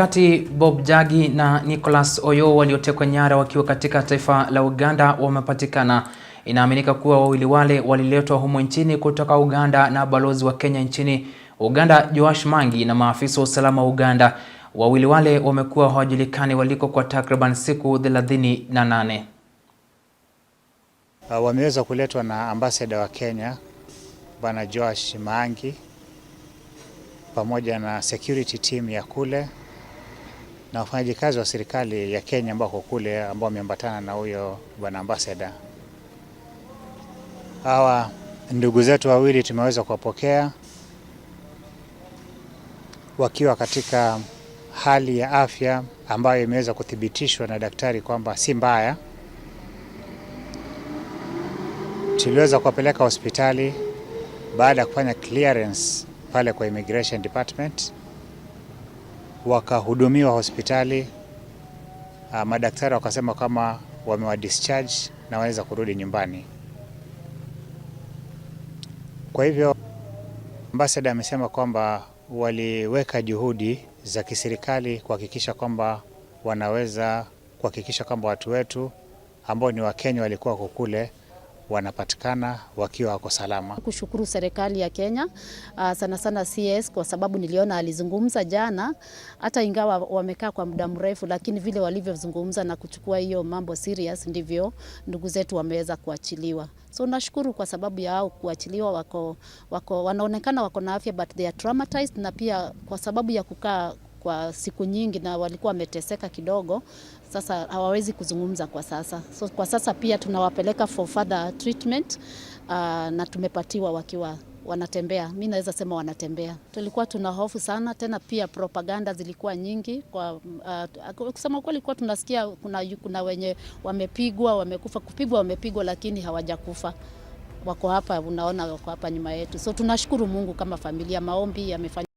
Wakati Bob Njagi na Nicholas Oyoo waliotekwa nyara wakiwa katika taifa la Uganda wamepatikana, inaaminika kuwa wawili wale waliletwa humo nchini kutoka Uganda na balozi wa Kenya nchini Uganda Joash Mangi na maafisa wa usalama wa Uganda. Wawili wale wamekuwa hawajulikani waliko kwa takriban siku 38. Ah, wameweza kuletwa na ambasada wa Kenya Bwana Joash Mangi pamoja na security team ya kule na wafanyajikazi wa serikali ya Kenya ambao wako kule ambao wameambatana na huyo bwana ambassador. Hawa ndugu zetu wawili tumeweza kuwapokea wakiwa katika hali ya afya ambayo imeweza kuthibitishwa na daktari kwamba si mbaya. Tuliweza kuwapeleka hospitali baada ya kufanya clearance pale kwa immigration department wakahudumiwa hospitali, ah, madaktari wakasema kama discharge na waweza kurudi nyumbani. Kwa hivyo ambasada amesema kwamba waliweka juhudi za kiserikali kuhakikisha kwamba wanaweza kuhakikisha kwamba watu wetu ambao ni Wakenya walikuwa kule wanapatikana wakiwa wako salama. Kushukuru serikali ya Kenya ah, sana sana CS kwa sababu niliona alizungumza jana, hata ingawa wamekaa kwa muda mrefu, lakini vile walivyozungumza na kuchukua hiyo mambo serious, ndivyo ndugu zetu wameweza kuachiliwa. So nashukuru kwa sababu ya au kuachiliwa, wako, wako, wanaonekana wako na afya but they are traumatized, na pia kwa sababu ya kukaa kwa siku nyingi na walikuwa wameteseka kidogo, sasa hawawezi kuzungumza kwa sasa. So kwa sasa pia tunawapeleka for further treatment uh, na tumepatiwa wakiwa wanatembea. Mi naweza sema wanatembea. Tulikuwa tuna hofu sana, tena pia propaganda zilikuwa nyingi kwa uh, kusema kweli, kwa tunasikia kuna, kuna wenye wamepigwa wamekufa, kupigwa wamepigwa, lakini hawajakufa wako hapa, unaona wako hapa nyuma yetu. So tunashukuru Mungu kama familia, maombi yamefanya